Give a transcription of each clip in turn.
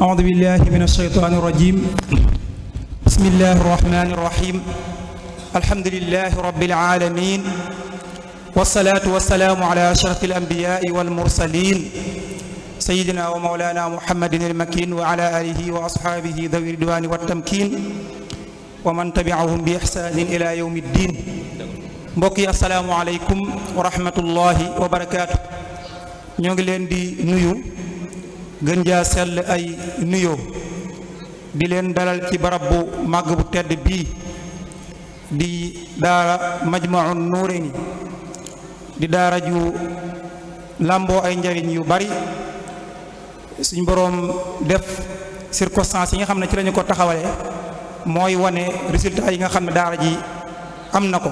أعوذ بالله من الشيطان الرجيم بسم الله الرحمن الرحيم الحمد لله رب العالمين والصلاة والسلام على أشرف الأنبياء والمرسلين سيدنا ومولانا محمد المكين وعلى آله وأصحابه ذوي الردوان والتمكين ومن تبعهم بإحسان إلى يوم الدين mbokk yi asalaamualeykum wa rahmatullahi wa barakaatu ñoo ngi leen di nuyu gën jaa sell ay nuyoo di leen dalal ci barab bu màgg bu tedd bii di daara Majmahun Nurayni di daara ju làmboo ay njariñ yu bari suñ boroom def circonstances yi nga xam ne ci lañu ko taxawalee mooy wane résultat yi nga xam ne daara ji am na ko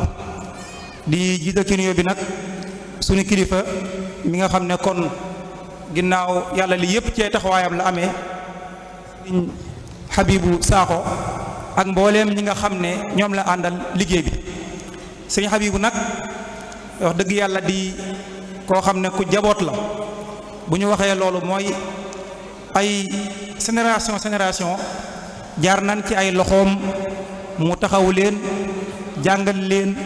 di jiite ci nuyoo bi nag suñu kilifa mi nga xam ne kon ginnaaw yàlla li yëpp cee taxawaayam la ame sëriñ Habibou Sakho ak mbooleem ñi nga xam ne ñoom la àndal liggéey bi sëriñ Habibou nag wax dëgg yàlla di koo xam ne ku jaboot la bu ñu waxee loolu mooy ay génération génération jaar nañ ci ay loxoom mu taxaw leen jàngal leen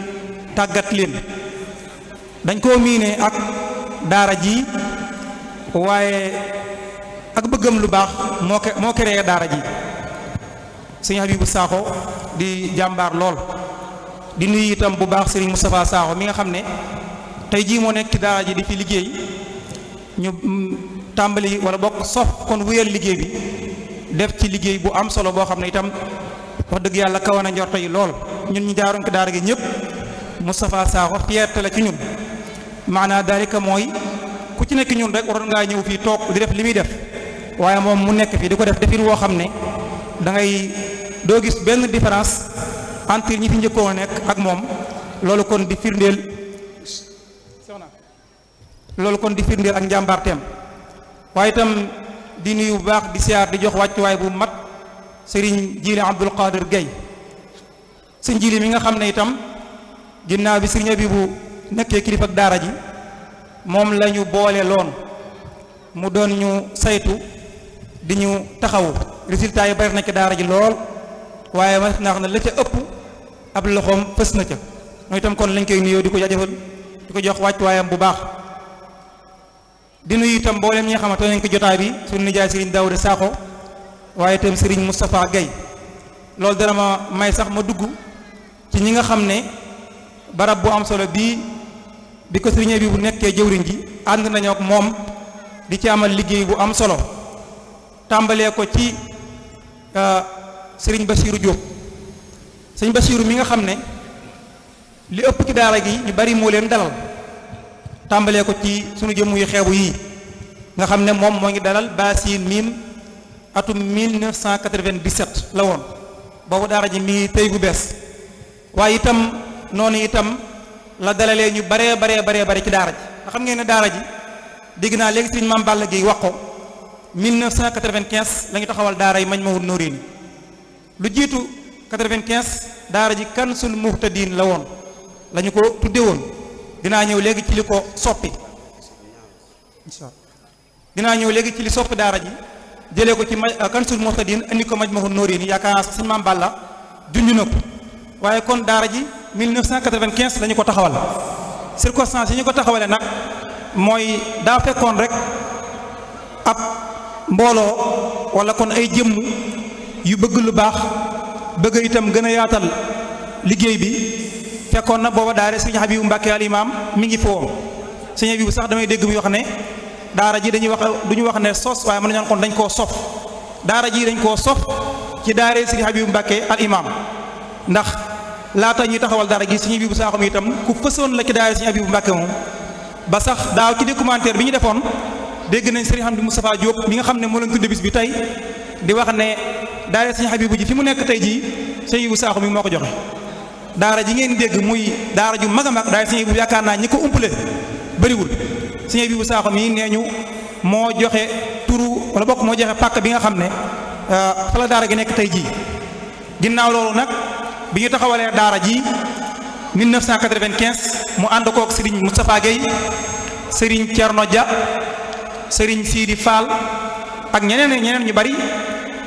tàggat leen dañ koo miinee ak daara ji waaye ak bëggam lu baax moo ko moo créé daara ji sëñ Habibou Sakho di jàmbaar lool di nuyu itam bu baax sëriñ Moustapha Sakho mi nga xam ne tey jii moo nekk ci daara ji di fi liggéey ñu mm, tàmbali wala bokk sof kon wéyal liggéey bi def ci liggéey bu am solo boo xam ne itam wax dëgg yàlla kawana njorto yi lool ñun ñu jaaroon ko daara gi ñëpp Moustapha Sakho fierté la ci ñun maanaa daalika mooy ku ci nekk ñun rek waroon ngaa ñëw fii toog di def li muy def waaye moom mu nekk fii di ko def defir woo xam ne dangay doo gis benn différence entre ñi fi njëkkoon nekk ak moom loolu kon di firndeel loolu kon di firndeel ak njàmbaarteem waaye itam di nuyu bu baax di siyaar di jox wàccuwaay bu mat sëriñ Jili Abdul Qadir Gueye sëñ Jili mi nga xam ne itam ginnaaw bi sëriñ bi bu nekkee kilifa daara ji moom lañu ñu boole loon mu doon ñu saytu di ñu taxawu résultat yi bari na ci daara ji lool waaye ma naa xam ne la ca ëpp ab loxoom fës na ca mooy itam kon lañ koy nuyoo di ko jaajëfal di ko jox wàccuwaayam bu baax di nuyu itam mboolem ñi nga xamante nañ ko jotaay bi suñu nijaay Serigne Daouda Sakho waaye itam sëriñ Moustapha Guèye loolu dana ma may sax ma dugg ci ñi nga xam ne barab bu am solo bii bi ko sëriñ bi bu nekkee jëwriñ ji ànd nañu ak moom di ci amal liggéey bu am solo tàmbalee ko ci euh, sëriñ Basiiru Jóob sëriñ Basiiru mi nga xam ne li ëpp ki daara gi ñu bari moo leen dalal tàmbalee ko ci sunu jëmm yu xeebu yii nga xam ne moom moo ngi dalal Baasin Mim atum 1997 la woon boobu daara ji mi ngi tey gu bees waaye itam noonu itam la dalalee ñu baree baree baree bare ci daara ji nga xam ngeen ne daara ji dégg naa léegi sëriñ Mame Balla Guèye wax ko 1995 la ñu taxawal daara yi Majmahun Nurayni lu jiitu 95 daara ji Kanzul Muhtadin la woon la ñu ko tudde woon dinaa ñëw léegi ci li ko soppi incha allah dinaa ñëw léegi ci li soppi daara ji jëlee ko ci ma euh, Kanzul Muhtadin andi ko Majmahun Nurayni yaakaar naa sëriñ Mame Balla junj na ko waaye kon daara ji 1995 la ñu ko taxawal circonstance yi ñu ko taxawalee nag mooy daa fekkoon rek ab mbooloo walla kon ay jëmm yu bëgg lu baax bëgg itam gën a yaatal liggéey bi fekkoon na booba daare sëñ Habibu Mbàkke al imaam mi ngi fowoon sëñ Habibu sax damay dégg muy wax ne daara ji dañuy wax du wax ne sos waaye mën nañu kon dañ koo sof daara ji dañ koo sof ci daara sëñ Habibu Mbàkke al ndax laata ñuy taxawal dara gi suñu bibu saaxum itam ku fësoon la ci daayira suñu abibu mbàkke moom ba sax daaw ci documentaire bi ñu defoon dégg nañ sëriñ Hamdi Moustapha Diop bi nga xam ne moo leen tudde bis bi tey di wax ne daayira suñu abibu ji fi mu nekk tey jii suñu bibu saaxum yi moo ko joxe daara ji ngeen dégg muy daara ju mag a mag daay suñu bibu yaakaar naa ñi ko umpale bëriwul suñu bibu saaxum mi nee ñu moo joxe turu wala bokk moo joxe pàkk bi nga xam ne euh, fa la gi nekk tey jii bi ñu taxawalee daara ji 1995 mu ànd kook sëriñ Moustapha Guèye sëriñ Thierno Dia sëriñ Sidi Fall ak ñeneen ñeneen ñu bari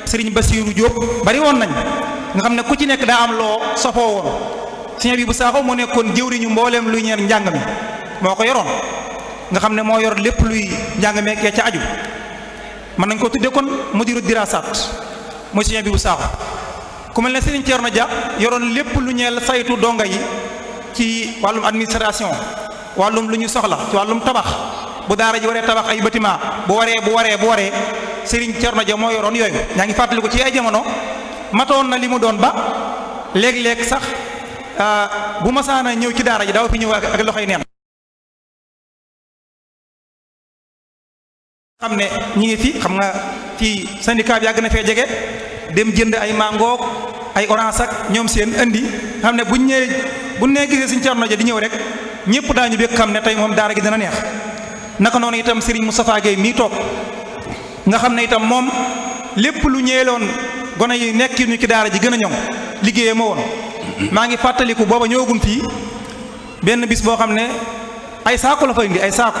sëriñ Bassirou Diop bari woon nañ nga xam ne ku ci nekk daa am loo safoo woon sëriñ bi bu saaxoo mu nekkoon jëwriñu mbooleem luy ñeen njàng mi moo ko yoroon nga xam ne moo yor lépp luy njàng meek ya ca aju mën nañ ko tudde kon mudiru dirasat mooy sëriñ bi bu saaxoo ku ne Serigne Thierno ja yoroon lépp lu ñeel saytu donga yi ci wàllum administration wàllum lu ñuy soxla ci wàllum tabax bu daara ji waree tabax ay bâtiment bu waree bu waree bu waree Serigne Thierno Dia moo yoroon yooyu ñaa ngi fàttaliku ci ay jamono matoon na li mu doon ba léeg-léeg sax ah, bu masaana ñëw ci daara ji daaw fi ñëw ak loxoy neen xam ne ñi ngi fi xam nga ci syndicat bi yàgg na fee jege dem jënd ay mangoog ay orange ak ñoom seen indi xam ne bu ñëwee bu nee gisee suñ Cerno ja di ñëw rek ñëpp daañu bëgg xam ne tey moom daara gi dana neex naka noonu itam Serigne Moustapha Gueye mii toog nga xam ne itam moom lépp lu ñeeloon gone yi nekk ñu ci daara ji gën a ñoŋ liggéeyee ma woon maa ngi fàttaliku booba ñëwagun fii benn bis boo xam ne ay saako la fa indi ay saako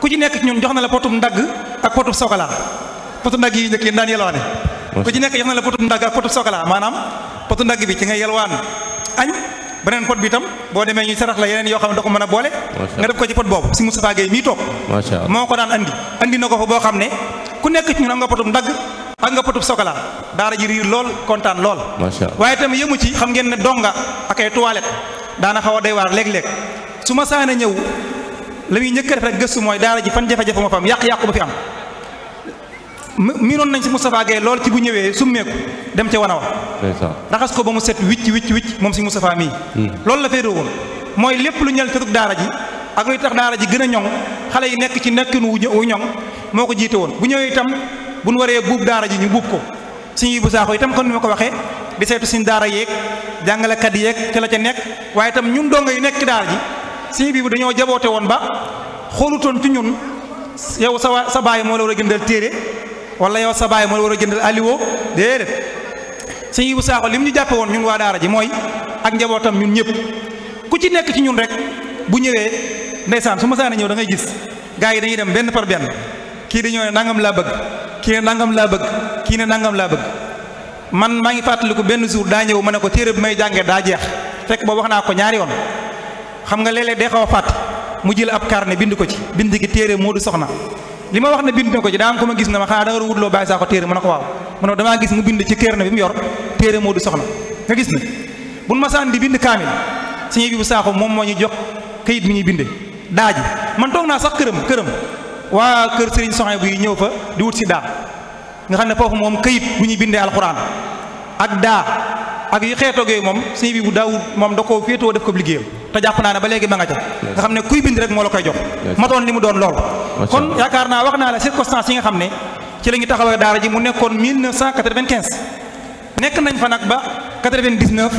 ku ci nekk ci ñun jox na la potum ndagg ak potum sokola potu ndagg yi njëkk yi daan yelwaane ku ci nekk jox na la potu ndagg ak potu sokala maanaam potu ndagg bi ci ngay yelwaan añ beneen pot bi itam boo demee ñu sarax la yeneen yoo xam ne da ko mën a boole nga def ko ci pot boobu si Moustapha Gueye mii toog moo ko daan andi andi na ko fa boo xam ne ku nekk ci ñun am nga potum ndagg ak nga potub sokala daara ji riir lool kontaan lool waaye tamit yëmu ci xam ngeen ne donga ak ay toilette daana xaw a day waar léeg-léeg su ma saana ñëw la muy njëkk a def rek gëstu mooy ji fan jafe-jafe moo fa am yàq-yàqu ba miinoon nañ si Moustapha Gueye lool ci bu ñëwee summeeku dem ca wana wa raxas ko ba mu set wicc wicc wicc moom si Moustapha mii hmm. loolu la féetoo woon mooy lépp lu ñel tëdug daara ji ak luy tax daara ji gën a ñoŋ xale yi nekk ci nekkin wu ñoŋ moo ko jiite woon bu ñëwee itam bu ñu waree buub daara ji ñu buub ko suñuy bu saaxo itam kon ni ma ko waxee di saytu suñ daara yeeg jàngalekat yeeg ca la ca nekk waaye itam ñun donga yu nekk ci daara ji suñu bi bu dañoo jaboote woon ba xoolutoon ci ñun yow sa sa baay moo la war a gëndal téere wala yow sa baay moo war a jëndal aliwo déedéet sëñ Ibou Sakho lim ñu jàppe woon ñun waa daara ji mooy ak njabootam ñun ñëpp ku ci nekk ci ñun rek bu ñëwee ndeysaan su ma saana ñëw da ngay gis gaa yi dañuy dem benn par benn kii dañoo ne nangam laa bëgg kii ne nangam laa bëgg kii ne nangam laa bëgg man maa ngi fàttaliku benn jour daa ñëw ma ne ko téere bi may jàngee daa jeex fekk boobu wax naa ko ñaari yoon xam nga léeg-léeg day xaw a fàtt mu jël ab carnet bind ko ci bind gi téere Modou Soxna li ma wax ne bind na ko ci daa am ko ma gis na ma xanaa da nga war a wutloo bàyyi saako téere ma ne ko waaw ma ne damaa gis mu bind ci kër na bi mu yor téere moo du soxna nga gis ne buñ masaan di bind kaamil suñuy bi bu saako moom moo ñu jox kayit mi ñuy binde daaji man toog naa sax këram këram waa kër sëriñ Soxna bu ñëw fa di wut si daa nga xam ne foofu moom kayit bu ñuy bindee alxuraan ak daa ak yi xeetoog yooyu moom sëñ bi bu daawul moom da koo féetoo def ko liggéeyam te jàpp naa ne ba léegi ma nga ca nga xam ne kuy bind rek moo la koy jox matoon li mu doon lool kon yaakaar naa wax naa la circonstance yi nga xam ne ci la ñu taxawee daara ji mu nekkoon 1995 nekk nañ fa nag ba 99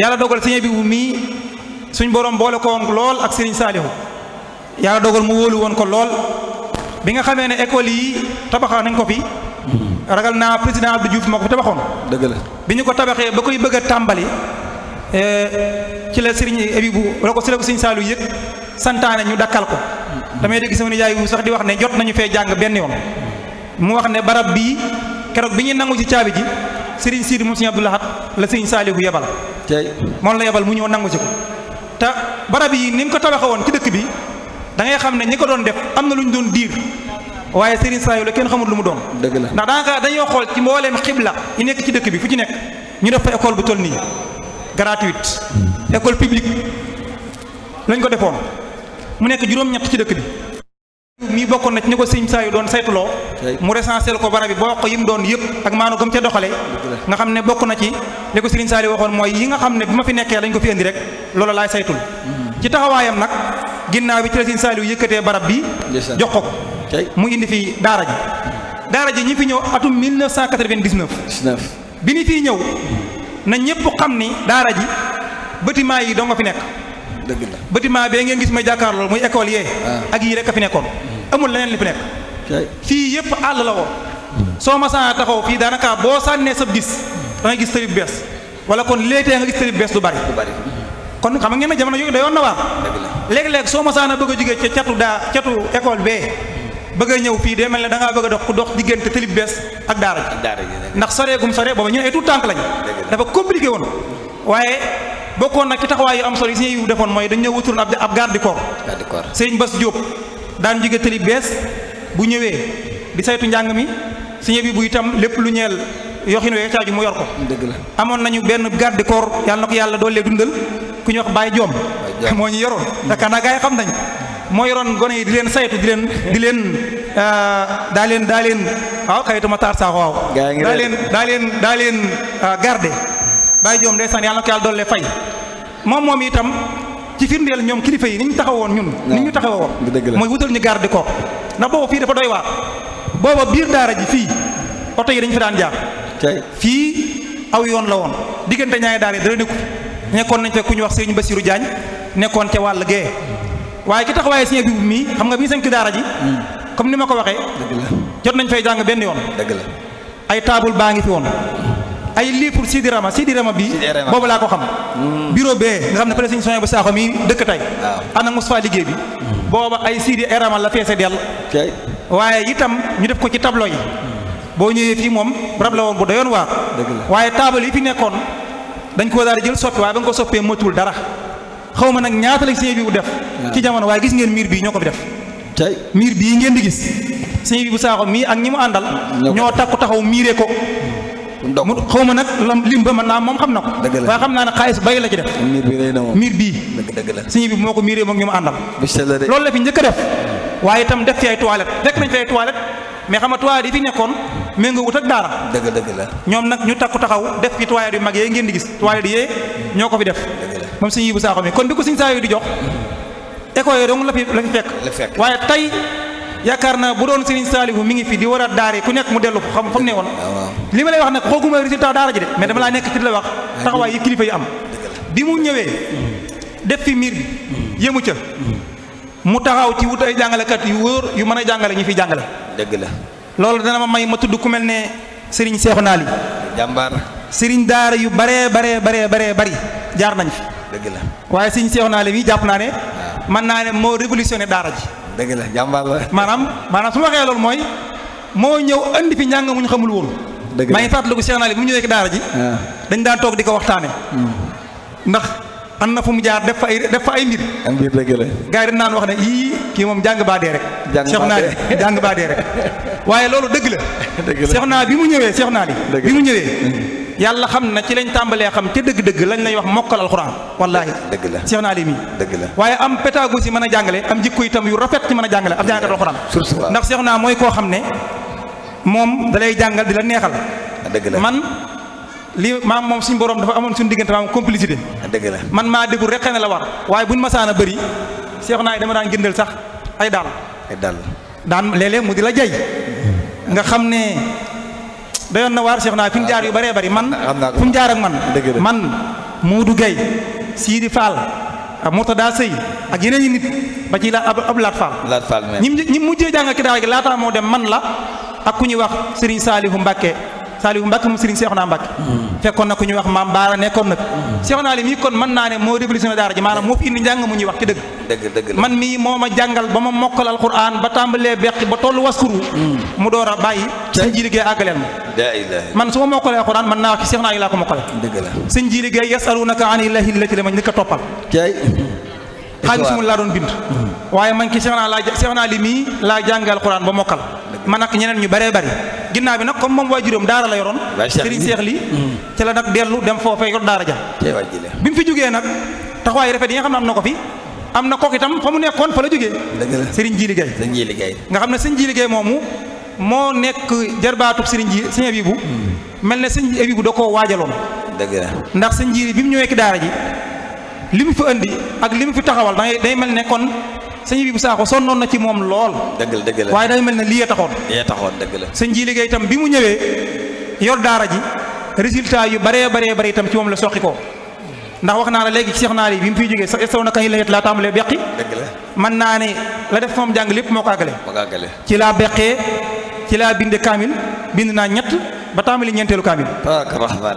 yàlla dogal sëñ bi bu mii suñ borom boole ko woon lool ak Serigne Saliou yàlla dogal mu wóolu woon ko lool bi nga xamee ne école yi tabaxa nañ ko fi ragal naa président Abdou Diouf moo ko fi tabaxoon. dëgg la bi ñu ko tabaxee ba koy bëgg a tàmbali eh, ci la Serigne Abibou la ko si la ko Serigne Saliou yëg santaane ñu dakkal ko. damay dégg sama nijaay wu sax di wax ne jot nañu fee jàng benn yoon mu wax ne barab bii keroog bi ñuy nangu ci caabi ji Serigne Sidi moom Serigne Abdou Lahad la Serigne Saliou yebal. tey moom la yebal mu ñëw nangu ci ko te barab yi ni nga ko tabaxee woon ci dëkk bi dangay xam ne ñi ko doon def am na lu ñu doon diir. waaye Serigne Saliou la kenn xamul lu mu doon. dëgg la ndax daanaka dañoo xool ci mbooleem xibla yi nekk ci dëkk bi fu ci nekk ñu def fa école bu toll nii gratuite hmm. école publique lañ ko defoon mu nekk juróom-ñett ci dëkk bi. mi bokkoon na ci ñu ko Serigne Saliou doon saytuloo mu recensé ko barab bi boo ko yim doon yëpp ak maanu gëm ca doxale nga xam ne bokk na ci li ko Serigne Saliou waxoon mooy yi nga xam ne bi ma fi nekkee lañ ko fi indi rek loolu laay hmm. ci taxawaayam nag ginnaaw bi ci la Serigne Saliou barab bi jox ko ko mu indi fi daara ji daara ji ñi fi ñëw atum 1999 bi ni fii ñëw na ñëpp xam ni daara ji bâtiment yi doo nga fi nekk dëgg la bee ngeen gis ma jàkkaar loolu muy école yee ah. ak yii rek fi nekkoon hmm. amul leneen li fi nekk fii yëpp àll la woon soo masana taxaw fii daanaka boo sànnee sab gis da gis tëri bu bees wala kon léeg-léeg nga gis tëri bu bees du bari kon xam ngeen ne jamono yooyu dayoon na waa léeg-léeg soo masana bëgg a jógee ca catu daa catu école bee bëgg a ñëw fii day mel ne da ngaa bëgg a dox ku dox diggante tëli bees ak daara ji ndax soree gum sore booba ñu ay tout tànk lañ dafa compliqué woon waaye bokkoon nag ci taxawaay yu am solo yi si ñu defoon mooy dañu ñëw wutuloon ab ab garde corps sëñ Bass Diop daan jóge tëli bees bu ñëwee di saytu njàng mi suñu bi bu itam lépp lu ñeel yoxin wee caaju mu yor ko dëgg la amoon nañu benn garde corps yàlla na ko yàlla doolee dundal ku ñu wax bàyyi joom moo ñu yoroon mm. yaakaar naa nañ moo yoroon gone yi di leen saytu di leen di leen euh, daa leen daa leen waaw xayitu ma taar saako waaw daa leen daa leen daa leen euh, garde bàyyi joom ndeysaan yàlla na ko yàlla doole fay moom moom itam ci firndeel ñoom kilifa yi ni ñu taxawoon ñun ni ñu taxawoon mooy wutal ñu garde ko ndax booba fii dafa doy waar booba biir daara ji fii oto yi dañu fi daan jaar fii aw yoon la woon diggante ñaari daara yi dara nekku nekkoon nañ fa ku ñu wax ñu Bassirou jaañ nekkoon ca wàll gee waaye ki tax waaye sëñ Abibu mii xam nga bi sañ ci daara ji hmm. comme ni ma ko waxee jot nañ fay jàng benn yoon dëgg la ay taabul baa ngi fi woon ay livre Sidi Rama Sidi Rama bi boobu laa ko xam hmm. bureau bee nga xam ne fa la sëñ Sonia bu Saaxo mi dëkk tey ana Moustapha liggéey bi hmm. booba ay Sidi Rama la feese dell waaye itam ñu def ko ci tablo yi boo ñëwee fii moom rab la woon bu doyoon waar waaye taabal yi fi nekkoon dañ ko daal jël soppi waaye ba nga ko soppee dara xaw ma nag ñaata la sëñ bu def ci jamono waaye gis ngeen miir bii ñoo ko fi def tey miir bii ngeen di gis sëñ bi bu saaxo mii ak ñi mu àndal ñoo takku taxaw miiree ko mu xaw ma nag lim ba naa moom xam na ko xam naa ne xaalis bay la ci def miir bii sëñ bi moo ko miiree moom ñu mu àndal loolu la fi njëkk a def waaye itam def ci ay toilette fekk nañ fi ay toilette mais xam nga toilette yi fi nekkoon méngoo wut ak daara dëgg dëgg la ñoom nag ñu takku taxaw def fi toilette yu mag yee ngeen di gis toilette yee ñoo ko fi def moom suñu yibu saaxo mi kon di ko suñu saa yi di jox école yi dong la fi la fi fekk waaye tey yaakaar naa bu doon Serigne Saliou mi ngi fi di war a daare ku nekk mu dellu xam fa mu ne woon li ma lay wax nag xooguma résultat daara ji de mais dama laa nekk ci la wax taxawaay yi kilifa am bi mu ñëwee def fi miir bi mu taxaw ci wut jàngalekat yu wóor yu mën a jàngale ñu fi jàngale dëgg la loolu dana may ma tudd mel ne Serigne Seexu Naali jàmbaar Serigne daara yu baree baree baree baree bari jaar nañ fi dëgg la waaye sëñ Seexuna Lemi jàpp naa ne mën naa ne moo révolutionné daara ji dëgg la jàmbaar la maanaam maanaam su ma waxee loolu mooy moo ñëw andi fi njàng mu ñu xamul woon maa ngi fàttaliku Seexuna Lemi mu ñëwee daara ji ah. dañ daan di ko waxtaane hmm. ndax am na fu mu jaar def fa ay ay mbir am mbir dëgg la gars yi dañ naan wax ne yii kii moom jàng baa dee rek Seexuna Lemi jàng baa dee bi mu ñëwee Seexuna Lemi bi mu ñëwee yàlla xam na ci lañ tàmbalee xam ca dëgg-dëgg lañ lay wax mokkal alxuraan wallaahi dëgg la Cheikh Naali mi dëgg la waaye am pédagogie mën a jàngale am jikko itam yu rafet ci mën a jàngale ab jàngkat alxuraan mooy koo xam ne moom da lay jàngal di la neexal dëgg la man li maam moom suñu boroom dafa amoon suñu diggante maam complicité dëgg la man maa dégul rek ne la war waaye buñ masaan a bëri Cheikh Naali dama daan gëndal sax ay daal ay daal daan léeg mu di la jay nga xam ne dayoon na waar Cheikh naa fi jaar yu bare bëri man fu mu jaar ak man man Modou Gueye Sidi Fall daa Sey ak yeneen yi nit ba ci la ab Laat Fall ñi ñi mujjee jàng ki daara gi laataa moo dem man la ak ku ñuy wax Serigne Saliou Mbacké Saliou Mbacke mu Serigne Cheikhouna Mbacke mm. fekkoon na ku ñuy wax maam Baara nekkoon na mm. Cheikhouna li mii kon mën naa ne moo révolutionné daara ji maanaam moo fi indi njàng mu ñuy wax ci dëgg dëgg dëgg man mii moo ma jàngal ba ma mokkal alquran ba tàmbalee beqi ba tollu waskuru mm. mu door a bàyyi sëñ ji àggaleel ma man su ma mokkalee alquran mën naa wax ci Cheikhouna yi laa ko mokkale sëñ ji liggéey yasalunaka an ilahi la ma njëkk a toppal xaalis mu laa doon bind waaye man ki Cheikhouna laa Cheikhouna li mii laa jàngal alquran ba mokkal man ak ñeneen ñu bëree bëri ginnaaw bi nag comme moom waajuram daara la yoroon sëriñ seex li mm. ci la nag dellu dem foofee yor daara ja bi mu fi jógee nag taxawaay rafet yi nga xam ne am na ko fi am na kook itam fa mu nekkoon fa la jógee sëriñ nga xam ne sëriñ ji liggéey moomu moo nekk jarbaatub sëriñ ji sëriñ Abibu mm. mel ne sëriñ Abibu da koo waajaloon ndax sëriñ ji bi mu ñëwee ki daara ji li mu fi indi ak li mu fi taxawal day day mel ne kon sëñ bi bu saako sonnoon na ci moom lool. dëgg la la waaye day mel na lii ya taxoon. lii ya taxoon dëgg la. sëñ ji liggéey itam bi mu ñëwee yor daara ji résultat yu baree baree bare itam ci moom la soqi ko ndax wax naa la léegi Cheikh Naar yi bi mu fiy jógee sax saw na kañ la yet laa tàmbalee beqi. dëgg la man naa ne la def moom jàng lépp moo ko àggale. moo ko àggale ci laa beqee ci laa binde kaamil bind naa ñett ba tàmbali ñeenteelu kaamil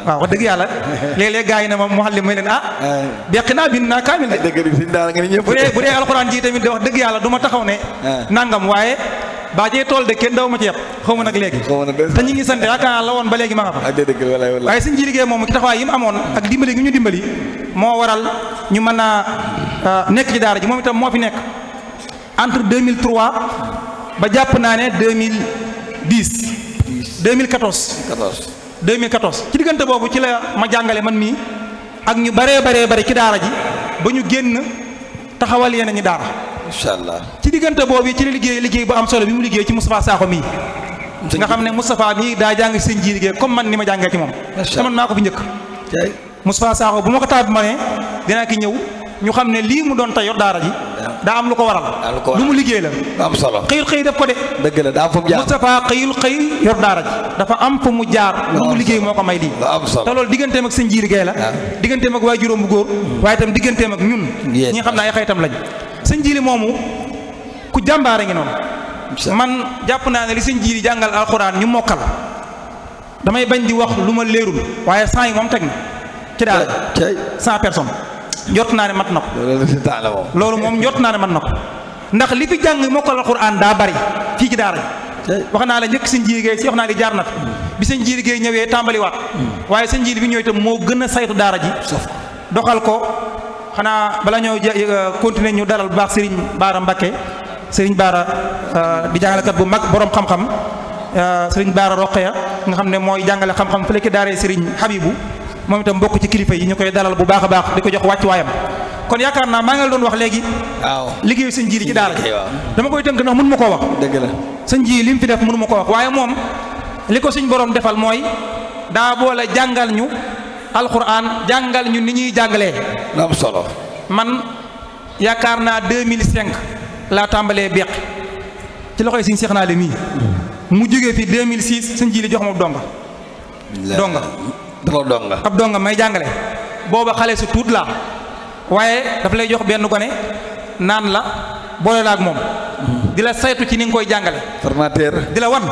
waaw wax dëgg yàlla léeg-léeg gars yi ne moom muallim may leen ah deqi naa bind naa kaamil de bu dee bu dee alxuraan ji tamit de wax dëgg yàlla du taxaw ne nangam waaye baa jee tool de kenn daw ma ci yàpp xaw ma nag léegi te ñi ngi sant yaakaar la woon ba léegi ma nga fa waaye suñ ji liggéey moom ki taxawaay yi mu amoon ak dimbali gi ñu dimbali moo waral ñu mën a euh, nekk ci daara ji moom itam moo fi nekk entre 2003 ba jàpp naa ne 2010 2014. 2014 2014 ci diggante boobu ci la ma jàngale man mii ak ñu bare baree bare ci daara ji ba ñu génn taxawal yeneen ñi daara. incha allah ci diggante boobu ci la liggéey liggéey bu am solo bi mu liggéey ci Moustapha Sakho mii. nga xam ne Moustapha mii daa jàng ci ji liggéey comme man ni ma jàngee ci moom. te man maa ko fi njëkk. Moustapha Sakho bu ma ko taab ma ne dinaa ki ñëw ñu xam ne lii mu doon tey daara ji. daa am lu ko waral lu mu liggéey la am solo xëyul xëy def ko de dëgg la daa am fu xëyul xëy yor daara ji dafa am fu mu jaar lu mu liggéey moo ko may lii te loolu digganteem ak sëñ jiiri gay la ah. digganteem ak waay juróom bu góor waaye itam digganteem ak ñun ñi xam ne ay xaytam lañ sëñ moomu ku jàmbaare ngi noonu man jàpp naa ne li sëñ jiiri jàngal alxuraan ñu mokkal damay bañ di wax lu ma léerul waaye cent yi moom teg na ci daal cent personnes jot naa ne mat na ko. loolu moom jot naa ne mat na ko ndax li fi jàng mokkal alxuraan daa bari fii ci daara wax naa la njëkk sëñ jiirigéey si wax naa li jaar na fi bi sëñ jiirigéey ñëwee tàmbaliwaat waaye sëñ njiir bi ñëw itam moo gën a saytu daara ji doxal ko xanaa bala ñoo euh, continuer ñu dalal bu baax sëriñ baara Mbakke sëriñ baara euh, di jàngalekat bu mag borom xam-xam euh, sëriñ baara ya nga xam ne mooy jàngale xam-xam fële ci daaree sëriñ Habibu moom itam bokk ci kilifa yi ñu koy dalal bu baax baax di ko jox wàccuwaayam kon yaakaar naa maa ngi la doon wax léegi. waaw liggéeyu sa ji ci daara ji dama koy tënk ndax mënu ma koo wax. dëgg la sëñ ji li mu fi def mënu koo wax waaye moom li ko suñ borom defal mooy daa boole jàngal ñu alxuraan jàngal ñu ni ñuy jàngalee. am solo man yaakaar naa 2005 laa tàmbalee beq ci loxoy seex naa Naly mii mu jógee fi 2006 sëñ ji li jox ma donga donga dafa donga ab donga may jàngale booba xale su tuut laa waaye dafa lay jox benn gone naan la boole la ak moom di la saytu ci ni nga koy jàngale formateur di la wan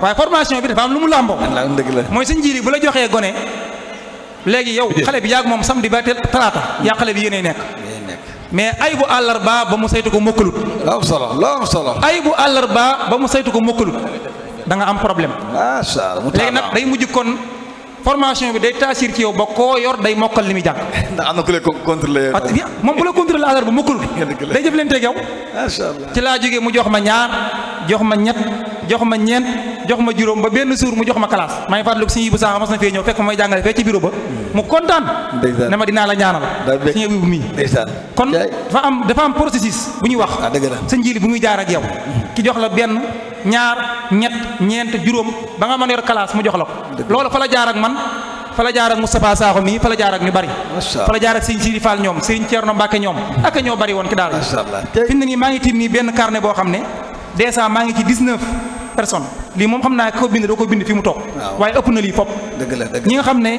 waaye formation bi dafa am lu mu làmboo mooy sa njiiri bu la joxee gone léegi yow xale bi yaag moom samedi ba talaata yaa xale bi yéenay nekk mais ay bu àllarba ba mu saytu ko mokkalut loo am solo loo solo ay bu àllarba ba mu saytu ko mokkalut am problème léegi nag day mujj kon formation bi day taasir ci yow ba koo yor day mokkal li muy jàng. ndax am na ku lay contrôler. Ah, moom bu la contrôler asar bu mokkul. day jëf leen teeg yow. ci laa jógee mu jox ma ñaar jox ma ñett. jox ma ñeent jox ma juróom ba benn suur mu jox ma classe maa ngi fàttaliku suñu bu saaxa mas na ma may jàngale fee ci bureau ba mu kontaan ne ma dinaa la ñaanal suñu bu mii kon dafa am dafa am processus ah, bu muy jaar ak yow ki jox la benn ñaar ñett ñeent juróom ba mu jox la ko loolu fa la jaar ak man fa la jaar ak Moustapha Sakho mii fa la jaar ak ñu bari fa la jaar ak Serigne Sidi Fall ñoom Serigne Thierno Mbacke ñoom ak ñoo bari woon ki daal fi mu ne nii maa ngi tiim nii benn carnet boo xam ne dèjà maa ngi ci 19 personnes lii moom xam naa ko bind doo ko bind fi mu toog waaye ëpp na lii fop dëgg la dëgg ñi nga xam ne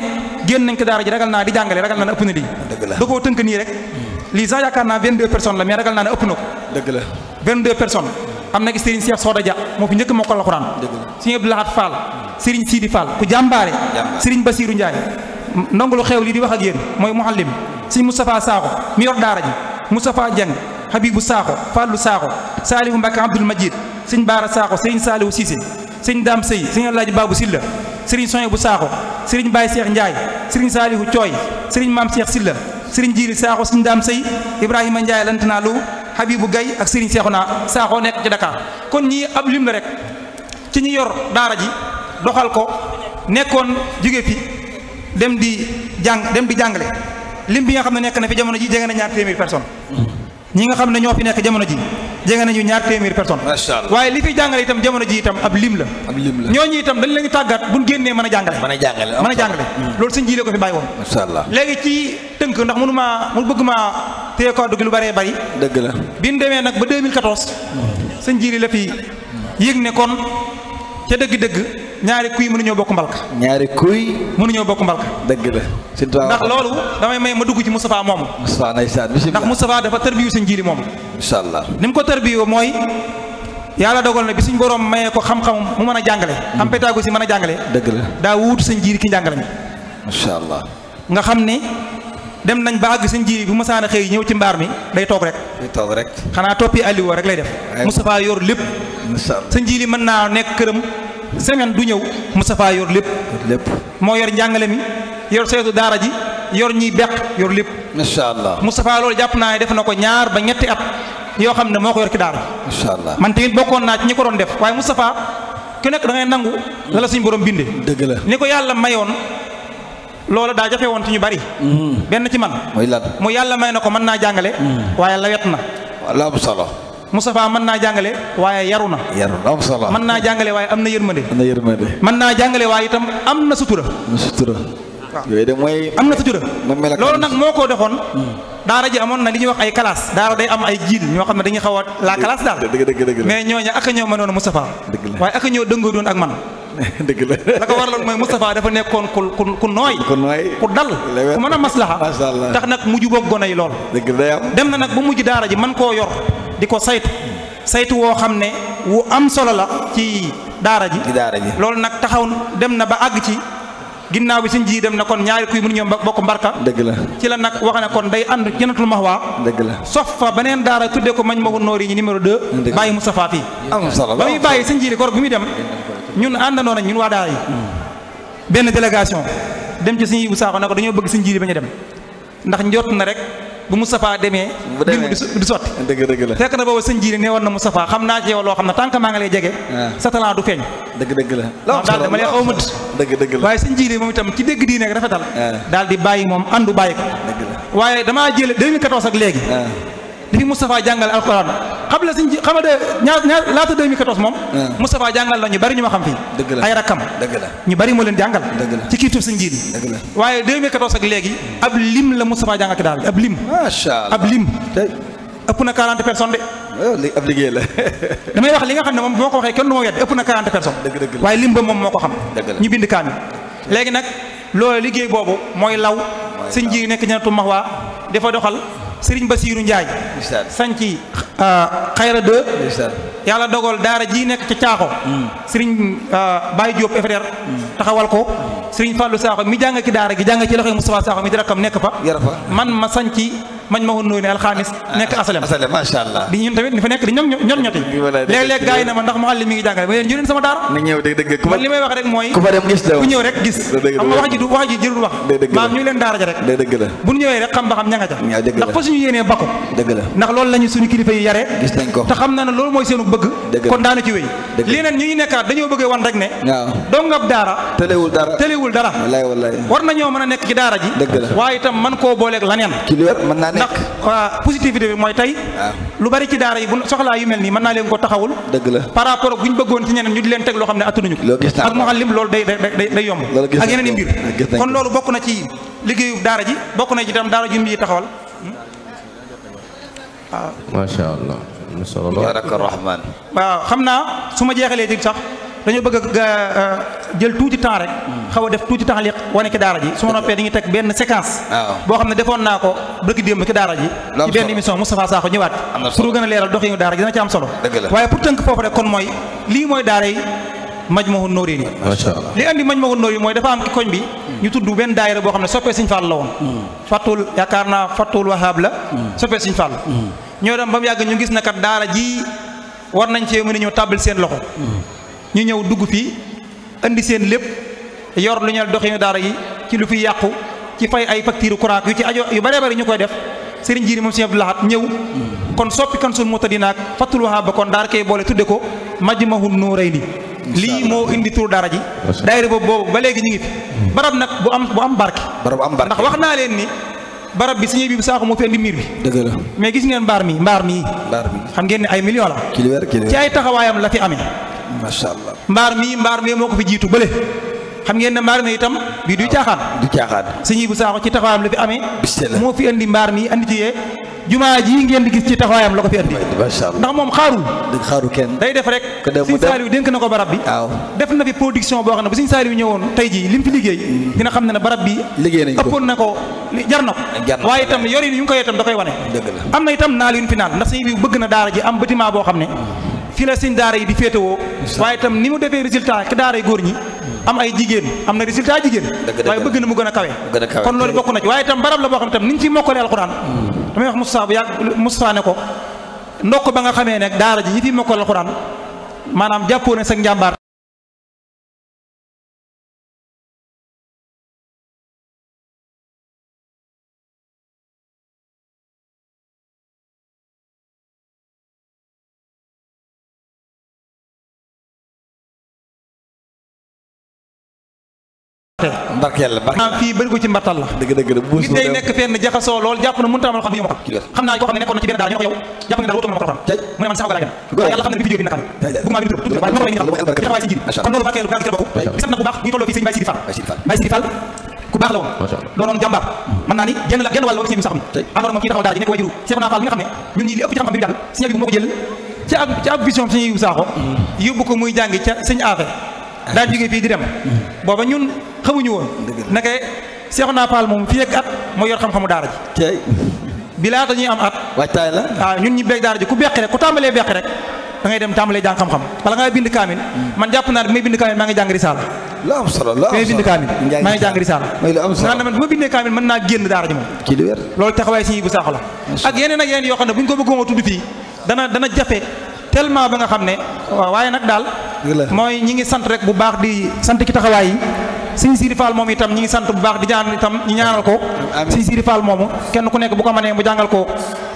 génn nañ ko daara ji ragal naa di jàngale ragal naa ne ëpp na lii da koo tënk nii rek lii sax yaakaar naa 22 personnes la mais ragal naa ne ëpp na ko dëgg la 22 personnes am na ki Serigne Cheikh Soda Dia moo fi njëkk moo ko alxuraan Serigne Abdou Lahad Fall Serigne Sidi Fall ku jàmbaare Serigne Basirou Ndiaye ndongulu xew lii di wax ak yéen mooy muallim Serigne Moustapha Sakho sëñ Baara Sakho sëriñ Saliou Cissé sëñ Dame Sey sëñ Alaaji Babou Silla sëriñ Soye bu Sakho sëriñ Baye seex Ndiaye sëriñ Saliou Thioy sëriñ Mame Cheikh Silla sëriñ Jiiri Sakho sëñ Dame sëy Ibrahima lant Lantana Lo Habibou Gaye ak sëriñ Cheikhouna Sakho nekk ci Dakar kon ñii ab lim la rek ci ñi yor daara ji doxal ko nekkoon jóge fi dem di jàng dem di jàngale lim bi nga xam ne nekk na fi jamono ji jege na ñaar téeméeri personne ñi nga xam ne ñoo fi nekk jamono ji jege nañu ñaar téeméer personne waaye li fi jàngale itam jamono ji itam ab lim la ñooñu itam dañ leen tàggat buñ génnee mën a jàngale mën a jàngale loolu sëñ jiile ko fi bàyyi woon léegi ci tënk ndax mënu maa mu bëgg maa téye ko lu bëree bëri dëgg la bi ñu demee nag ba 2014 sëñ jiile la fi yéeg ne kon ca dëgg-dëgg ñaari kuy mënuñoo bokk mbalka ñaari kuy mënuñoo bokk mbalka dëgg la ndax loolu damay may ma dugg ci Moustapha moom Moustapha ndeysaan bismillah ndax Moustapha dafa tërbiyu sëñ jiili moom insha allah ni mu ko tërbiyu mooy yàlla dogal na bi suñ borom mayee ko xam-xam mu mën a jàngale am mm. pédagogie mën a jàngale daa wuutu sëñ jiili ki njàngale mi insha allah nga xam ne dem nañ ba àgg sëñ jiili bu masaan a xëy ñëw ci mbaar mi day toog rek day toog rek xanaa toppi Aliou rek lay def Moustapha yor lépp sëñ jiili mën naa nekk këram semaine du ñëw Moustapha yor lépp. lépp moo yor jàngale mi yor saytu daara ji yor ñiy beq yor lépp. incha allah Moustapha loolu jàpp naa ne def na ko ñaar ba ñetti at yoo xam ne moo ko yor ci daara. allah man tamit bokkoon naa ci ñi ko def waaye Moustapha ku nekk da ngay nangu. la la borom bindee. dëgg la ni ko yàlla mayoon. loolu daa jafe woon ci ñu bari. Mm-hmm. benn ci man. muy lan mu yàlla may na ko mën naa jàngale. Mm-hmm. waaye lawet na. wala solo. Moustapha mën naa jàngale waaye yaru na. yaru na am naa jàngale waaye am na yërmande. am na yërmande. mën naa jàngale waaye itam am na sutura. am na sutura. de mooy. am na sutura loolu nag moo ko defoon. Hmm. daara ji amoon na li ñuy wax ay classe daara day am ay jiil ñoo xam ne dañuy xaw a la classe daal mais ñooñu ak a ñoo mënoon Moustapha waaye ak a ñoo dëngoo doon ak man dëgg la la ko waraloon mooy Moustapha dafa nekkoon ku ku ku nooy ku dal ku mën a maslaha tax nag mujj boog gone yi lool dem na nag ba mujj daara ji man koo yor di ko saytu saytu woo xam ne wu am solo la ci daara ji loolu nag taxaw dem na ba àgg ci ginnaaw bi suñ ji dem na kon ñaari kuy mun ñoom bokk mbarka dëgg la ci la nag wax ne kon day ànd jënatul maxwaa dëgg la sof fa beneen daara tuddee ko mañ maxu noor yi ñi numéro 2 bàyyi Moustapha fii ba muy bàyyi suñ ji li kor bi muy dem ñun àndandoo a ñun waa daara yi hmm. benn délégation dem ci suñu Ibou Sakho na ko dañoo bëgg suñ ji bañ a dem ndax njot na rek bu Moustapha demee mbir mu di sotti dëgg dëgg la fekk na booba sëñ ji ne woon na Moustapha xam naa ci yow xam ne tant que maa ngi lay jege ah. sa talent du feeñ dëgg dëgg la daal dama lay xaw mët dëgg dëgg la waaye sëñ ji ne moom itam ci dégg diine rafetal ah. daal di bàyyi moom andu bàyyi ko waaye damaa jël 2014 ak léegi ah. li fi Moustapha jàngal alquran xam la suñ xam nga ñaar ñaar laata 2014 moom ah. Moustapha jàngal la ñu bari ñoo xam fii ay rakkam ñu bari moo leen jàngal ci kiitub suñ jiit waaye 2014 ak léegi ab lim la Moustapha jàngal ki daal ab lim ab lim ëpp na 40 personnes de ab liggéey la damay wax li nga xam ne moom bu ko waxee kenn du ma wedd ëpp na 40 personnes waaye lim ba moom moo ko xam ñu bind kaamil léegi nag loolu liggéey boobu mooy law suñ ji nekk ñenatu max waa dafa doxal sëriñ Basiiru Njaay sanci xayra de yàlla dogal daara ji nekk ca caaxo mm. sëriñ euh, Baye Diop FDR mm. taxawal ko mm. sëriñ Fallou Sakho mi jàng ci daara gi jàng ci loxoy Moustapha Sakho mi di rakkam nekk fa man ma sanci mañ ma woon noonu alxamis nekk asalem macha allah tamit ni fa nekk di ñot ñoti léeg-léeg gars na ma ndax muallim mi ngi jàngale ma leen sama daara na ñëw dëgg dëgg man li may wax rek mooy ku ñëw rek gis xam wax ba xam ña nga ndax fa suñu yéenee bako dëgg ndax loolu lañu suñu kilifa yi yaree te xam na ne loolu mooy seenu bëgg kon daanu ci wéy leneen ñuy nekkaat dañoo bëggee wan rek ne dong ab daara tëlewul dara tëlewul dara war mën a nekk ci daara ji waaye itam man koo booleeg laneen ndax waaw positivité bi mooy tey ah. lu bari ci daara yi bu soxlaa yu mel nii mën naa leen ko taxawul dëgg la par rapport ak bu ñu bëggoon ci ñeneen ñu di leen teg loo xam ne attanuñu ko ak muallim loolu day day day yomb ak yeneen i mbir kon loolu bokk na ci liggéeyu daara ji bokk na ci itam daara ji mbi taxawal waaw hmm? ah. macha allah. waaw xam naa su ma jeexalee ci sax dañoo bëgg a euh, jël tuuti temps rek xaw a def tuuti temps liq wane ki daara ji su ma noppee dañuy teg benn séquence boo xam ne defoon naa ko bëgg démb ki daara ji ci benn émission Moustapha Sakho ñëwaat pour gën a leeral dox yi daara ji dana ci am solo waaye pour tënk foofu rek kon mooy lii mooy daara yi Majmahun Nurayni li andi Majmahun Nurayni mooy dafa am ki koñ bi ñu tudd benn daayira boo xam ne soppee Sëñ Fall la woon hmm. fattul yaakaar naa fattul wahab la hmm. soppee Sëñ Fall hmm. ñoo dem ba mu yàgg ñu gis na kat daara ji war nañ cee mën ñëw tàbbal seen loxo ñu ñëw dugg fii indi seen lépp yor lu ñeel doxinu daara yi ci lu fi yàqu ci fay ay facture courant yu ci ajo yu bëree bëri ñu koy def sëriñ jiiri moom si Abdou Lahad ñëw kon soppi kan sul mutadinaak fattul wahaa ba kon daara koy boole tudde ko ma Majmahun Nurayni lii moo indi tur dara ji daayira boobu boobu ba léegi ñu ngi fi hmm. barab nag bu am bu am barke ndax wax naa leen ni barab bi suñu bi bu saaxu moo fi indi bi mais gis ngeen mbaar mi mbaar mi xam ngeen ne ay million ay taxawaayam la fi amee macha allah mbaar mii mbaar mii moo ko fi jiitu bële xam ngeen ne mbaar mi itam bii du caaxaan du caaxaan sëñ bu saako ci taxawaayam la fi amee moo fi andi mbaar mi andi ci yee jumaa ji ngeen di gis ci taxawaayam la ko fi andi ndax moom xaarul xaaru kenn day def rek sëñ Saaliw dénk na ko barab bi def na fi production boo xam ne bu sëñ Saaliw ñëwoon tey ji li mu fi liggéey dina xam ne ne barab bi liggéey nañ ko ëppoon na ko jar na ko waaye itam yorin yu ngi koy itam da koy wane am na itam naal yu naan bëgg na daara am bâtiment boo xam ne mm. fi la daara yi di féetewoo waaye itam ni mu defee résultat ki daara yi góor ñi am ay jigéen am na résultat jigéen waaye bëgg na mu gën a kawe kon loolu bokk na ci waaye itam barab la boo xam ne tam ni ñu ciy mokkalee alxuraan hmm. damay wax Moussa ko yàgg ko ba nga xamee ne daara ji ñi fi mokkal alxuraan maanaam jàppoo ne sa njàmbaar barkeel la barkeel la fii bëri ko ci mbattal la dëgg dëgg nit day nekk fenn jaxasoo lool jàpp na mënut a amal xam yow xam mu ne waaye ma taxaway ci ab vision sëñ Yiw Saaxo mm. yóbbu ko muy jàng ca sëñ Afe daan jógee fii di dem booba ñun xamuñu woon naka Seexuna Faal moom fii ak at mooy yor xam-xamu daara ji bi ñuy am at waajtaay la a ah, ñun ñi beeg daara ji ku beqi rek ku tàmbalee beqi rek da ngay dem tàmbalee jàng xam-xam bala ngay bind kaamil mm. man jàpp naa ne bi may bind kaamil maa ngi jàng risaala lu solo lu am solo bind kaamil maa ngi jàng risaala naan man bu ma bindee kaamil mën naa génn daara ji moom kii di wér loolu taxawaay bu saaxo la ak yeneen ak yeneen yoo xam ne bu ñu ko bëggoon a tudd fii dana dana jafe tellement ba nga xam ne waaw waaye nag daal mooy ñi ngi sant rek bu baax di sant ki taxawaay yi sëñ Siri Fall moom itam ñu ngi sant bu baax di ñaan itam ñi ñaanal ko sëñ Siri Fall moomu kenn ku nekk bu ko mënee mu jàngal ko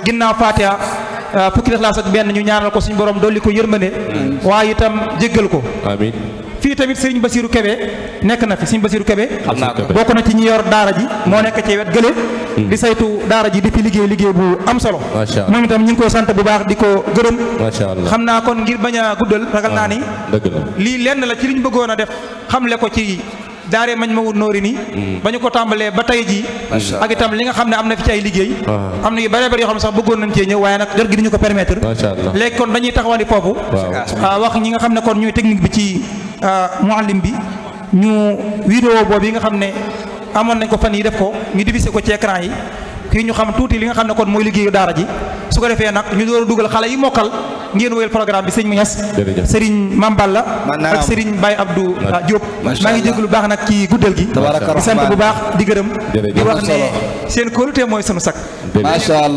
ginnaaw Fatiha euh, fukki Ixlaas ak benn ñu ñaanal ko suñu borom dolli ko yërmande waaye itam jéggal ko fii tamit sëriñ Basiiru Kebe nekk na fi sëriñ Basiiru Kebe bokk na ci ñi yor daara ji moo nekk ci wet gële hmm. di saytu daara ji di fi liggéey liggéey bu am solo moom itam ñu ngi ko sant bu baax di ko gërëm xam naa kon ngir bañ a guddal ragal naa ni ah, lii lenn la ci liñ bëggoon a def xamle ko ci daaree mañ ma wut noori nii hmm. ba ñu ko tàmbalee ba tey ji ak itam li nga xam ne am na fi ci ay liggéey ah. am na yu bare bare yoo xam ne sax bëggoon nañ cee ñëw waaye nag jot gi duñu ko permettre léegi kon dañuy taxawandi foofu ah, wax ñi nga xam ne kon ñooy technique bi ci Euh, muallim bi ñu vidéo boobu yi nga xam ne amoon nañ ko fan yi def ko ñu divisé ko ci ecran yi kii ñu xam tuuti li nga xam ne kon mooy liggéey daara ji su ko defee nag ñu door a dugal xale yi mokkal ngeen wéyal programme bi sëñ Mignès sëriñ Mamballa ak sëriñ Baye Abdou Diop maa ngi lu baax nag ci guddal gi di sant bu baax di gërëm di wax ne seen kóolute mooy sunu sak